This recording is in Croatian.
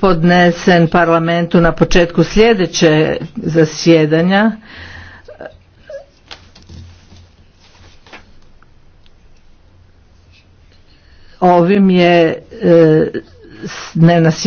podnesen parlamentu na početku sljedeće zasjedanja. Ovim je e, dnevna